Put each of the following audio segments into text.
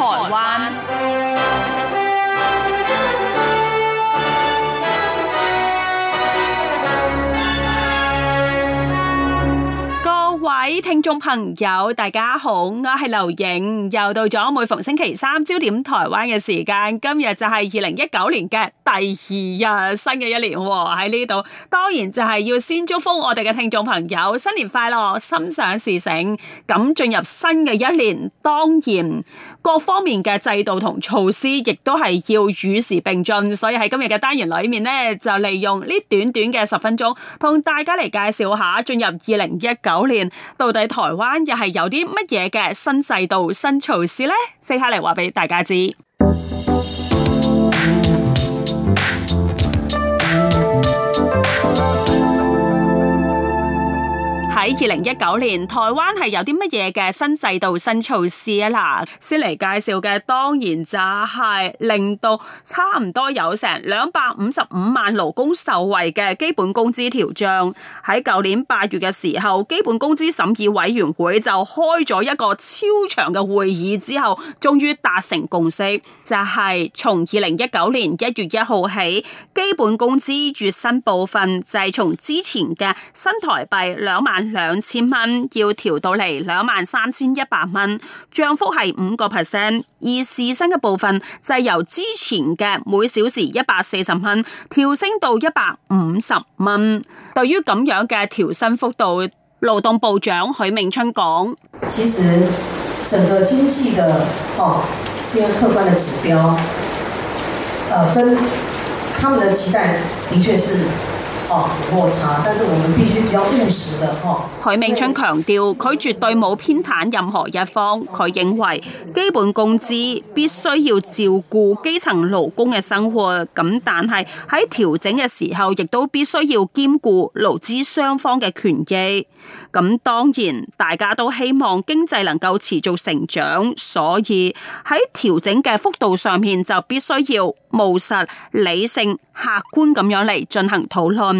台灣，各位。聽眾朋友，大家好，我係劉穎，又到咗每逢星期三焦點台灣嘅時間，今日就係二零一九年嘅第二日，新嘅一年喺呢度，當然就係要先祝福我哋嘅聽眾朋友，新年快樂，心想事成。咁進入新嘅一年，當然各方面嘅制度同措施，亦都係要與時並進。所以喺今日嘅單元裏面咧，就利用呢短短嘅十分鐘，同大家嚟介紹下進入二零一九年到底。台灣又係有啲乜嘢嘅新制度、新措施呢？接下嚟話畀大家知。喺二零一九年，台灣係有啲乜嘢嘅新制度、新措施啊？嗱，先嚟介紹嘅，當然就係令到差唔多有成兩百五十五萬勞工受惠嘅基本工資調漲。喺舊年八月嘅時候，基本工資審議委員會就開咗一個超長嘅會議，之後終於達成共識，就係從二零一九年一月一號起，基本工資月薪部分就係、是、從之前嘅新台幣兩萬。兩千蚊要調到嚟，兩萬三千一百蚊，漲幅係五個 percent。而時薪嘅部分就係由之前嘅每小時一百四十蚊調升到一百五十蚊。對於咁樣嘅調薪幅度，勞動部長許明春講：其實整個經濟嘅哦，先客觀嘅指標，誒、呃，跟他們的期待，的確是。哦，我查，但是我們必須比較務實的。哈，許銘春強調，佢絕對冇偏袒任何一方。佢認為基本工資必須要照顧基層勞工嘅生活，咁但係喺調整嘅時候，亦都必須要兼顧勞資雙方嘅權益。咁當然，大家都希望經濟能夠持續成長，所以喺調整嘅幅度上面就必須要務實、理性、客觀咁樣嚟進行討論。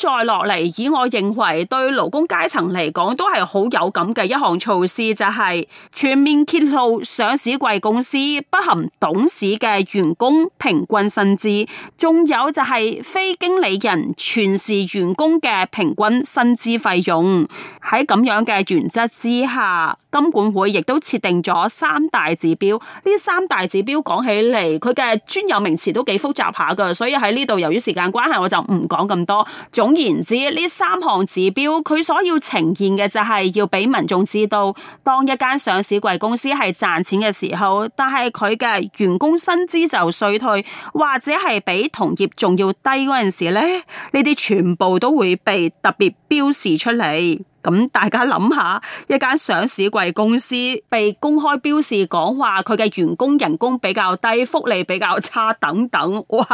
再落嚟，以我認為對勞工階層嚟講都係好有感嘅一項措施，就係、是、全面揭露上市櫃公司不含董事嘅員工平均薪資，仲有就係非經理人全時員工嘅平均薪資費用。喺咁樣嘅原則之下，金管會亦都設定咗三大指標。呢三大指標講起嚟，佢嘅專有名詞都幾複雜下噶，所以喺呢度由於時間關係，我就唔講咁多總。總言之，呢三項指標，佢所要呈現嘅就係要俾民眾知道，當一間上市櫃公司係賺錢嘅時候，但係佢嘅員工薪資就衰退，或者係比同業仲要低嗰陣時咧，呢啲全部都會被特別標示出嚟。咁大家諗下，一間上市櫃公司被公開標示，講話佢嘅員工人工比較低，福利比較差，等等，哇！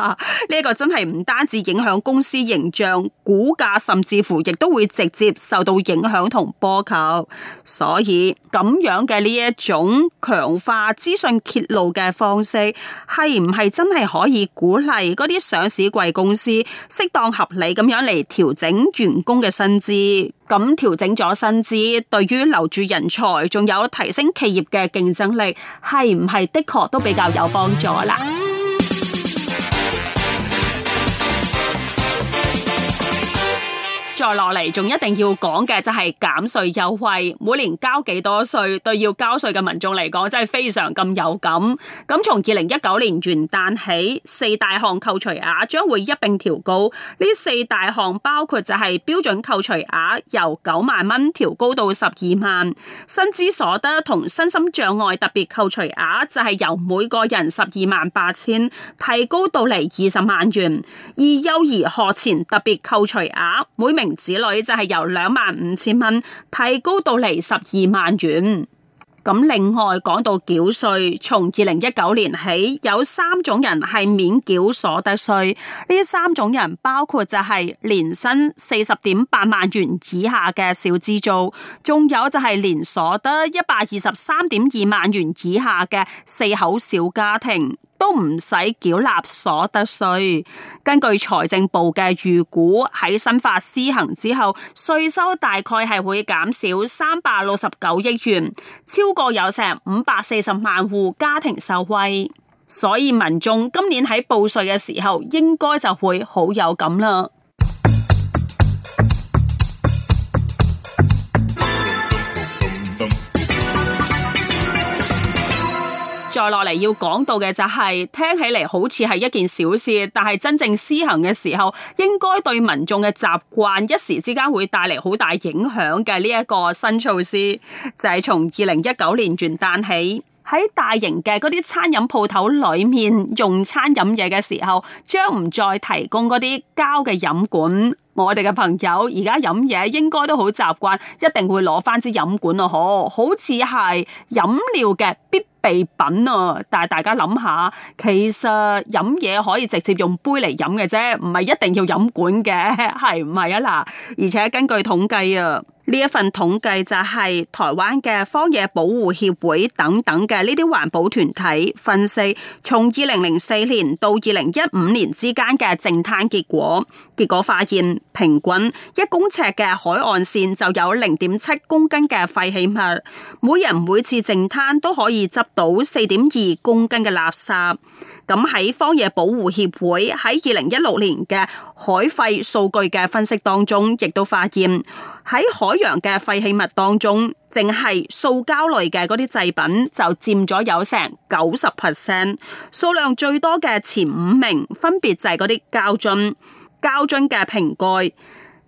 呢個真係唔單止影響公司形象、股價，甚至乎亦都會直接受到影響同波及。所以咁樣嘅呢一種強化資訊揭露嘅方式，係唔係真係可以鼓勵嗰啲上市櫃公司適當合理咁樣嚟調整員工嘅薪資？咁調整咗薪資，對於留住人才，仲有提升企業嘅競爭力，係唔係的確都比較有幫助啦？再落嚟仲一定要講嘅就係減稅優惠，每年交幾多稅對要交稅嘅民眾嚟講真係非常咁有感。咁從二零一九年元旦起，四大項扣除額將會一併調高。呢四大項包括就係標準扣除額由九萬蚊調高到十二萬，薪資所得同身心障礙特別扣除額就係由每個人十二萬八千提高到嚟二十萬元，二幼兒學前特別扣除額每名。子女就係由兩萬五千蚊提高到嚟十二萬元，咁另外講到繳稅，從二零一九年起有三種人係免繳所得稅，呢三種人包括就係年薪四十點八萬元以下嘅小資助，仲有就係年所得一百二十三點二萬元以下嘅四口小家庭。都唔使繳納所得稅。根據財政部嘅預估，喺新法施行之後，稅收大概係會減少三百六十九億元，超過有成五百四十萬戶家庭受惠，所以民眾今年喺報稅嘅時候，應該就會好有感啦。再落嚟要講到嘅就係，聽起嚟好似係一件小事，但係真正施行嘅時候，應該對民眾嘅習慣一時之間會帶嚟好大影響嘅呢一個新措施，就係從二零一九年元旦起，喺大型嘅嗰啲餐飲鋪頭裏面用餐飲嘢嘅時候，將唔再提供嗰啲膠嘅飲管。我哋嘅朋友而家飲嘢應該都好習慣，一定會攞翻支飲管啊！好好似係飲料嘅必地品啊！但係大家諗下，其實飲嘢可以直接用杯嚟飲嘅啫，唔係一定要飲管嘅，係唔係啊？嗱，而且根據統計啊。呢一份統計就係、是、台灣嘅荒野保護協會等等嘅呢啲環保團體分析，從二零零四年到二零一五年之間嘅淨灘結果，結果發現平均一公尺嘅海岸線就有零點七公斤嘅廢棄物，每人每次淨灘都可以執到四點二公斤嘅垃圾。咁喺荒野保護協會喺二零一六年嘅海廢數據嘅分析當中，亦都發現。喺海洋嘅廢棄物當中，淨係塑膠類嘅嗰啲製品就佔咗有成九十 percent，數量最多嘅前五名分別就係嗰啲膠樽、膠樽嘅瓶蓋、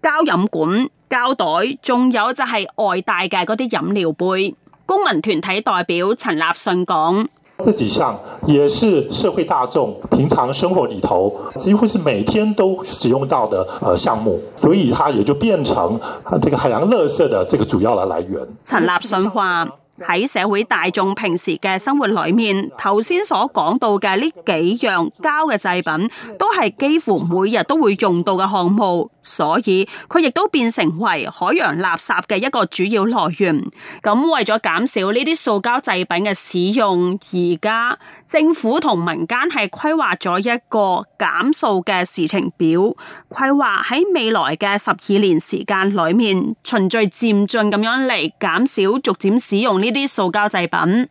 膠飲管、膠袋，仲有就係外帶嘅嗰啲飲料杯。公民團體代表陳立信講。這幾項也是社會大眾平常生活裏頭，幾乎是每天都使用到的，呃，項目，所以它也就變成，這個海洋垃圾的這個主要的來源。陳立信話喺社會大眾平時嘅生活裏面，頭先所講到嘅呢幾樣膠嘅製品，都係幾乎每日都會用到嘅項目。所以佢亦都變成為海洋垃圾嘅一個主要來源。咁為咗減少呢啲塑膠製品嘅使用，而家政府同民間係規劃咗一個減數嘅時程表，規劃喺未來嘅十二年時間裏面，循序漸進咁樣嚟減少逐漸使用呢啲塑膠製品。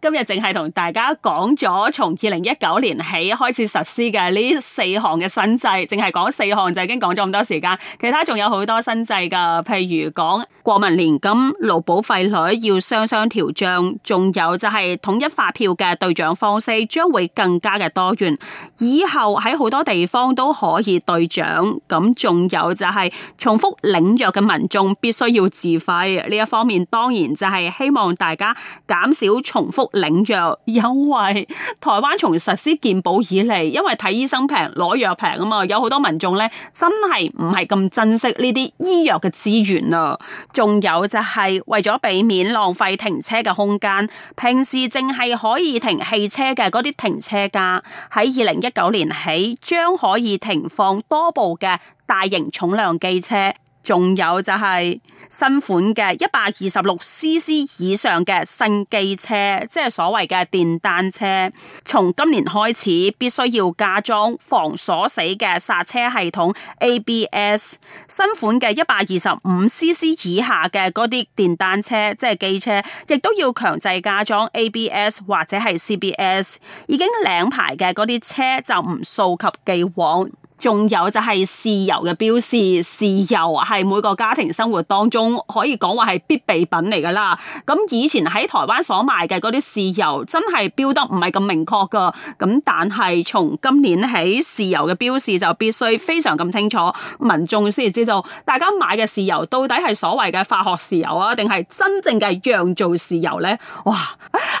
今日淨係同大家講咗從二零一九年起開始實施嘅呢四項嘅新制，淨係講四項就已經講咗咁多時間，其他仲有好多新制噶，譬如講，國民年金勞保費率要雙雙調漲，仲有就係，統一發票嘅兌獎方式將會更加嘅多元，以後喺好多地方都可以兌獎，咁仲有就係重複領藥嘅民眾必須要自費呢一方面，當然就係希望大家減少重福領藥優惠，台灣從實施健保以嚟，因為睇醫生平，攞藥平啊嘛，有好多民眾咧真係唔係咁珍惜呢啲醫藥嘅資源啊。仲有就係為咗避免浪費停車嘅空間，平時淨係可以停汽車嘅嗰啲停車架，喺二零一九年起將可以停放多部嘅大型重量機車。仲有就係新款嘅一百二十六 CC 以上嘅新機車，即係所謂嘅電單車，從今年開始必須要加裝防鎖死嘅剎車系統 ABS。新款嘅一百二十五 CC 以下嘅嗰啲電單車，即係機車，亦都要強制加裝 ABS 或者係 CBS。已經領牌嘅嗰啲車就唔溯及既往。仲有就係豉油嘅標示，豉油係每個家庭生活當中可以講話係必備品嚟㗎啦。咁以前喺台灣所賣嘅嗰啲豉油真係標得唔係咁明確噶，咁但係從今年起，豉油嘅標示就必須非常咁清楚，民眾先知道大家買嘅豉油到底係所謂嘅化學豉油啊，定係真正嘅釀造豉油呢？哇，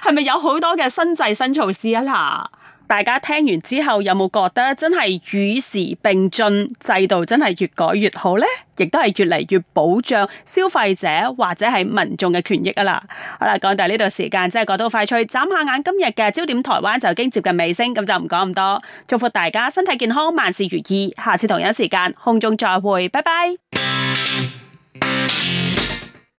係咪有好多嘅新制新措施啊？嗱。大家聽完之後有冇覺得真係與時並進，制度真係越改越好呢？亦都係越嚟越保障消費者或者係民眾嘅權益啊啦，好啦，講到呢度時間真係過到快脆，眨下眼今日嘅焦點台灣就已經接近尾聲，咁就唔講咁多。祝福大家身體健康，萬事如意。下次同一時間空中再會，拜拜。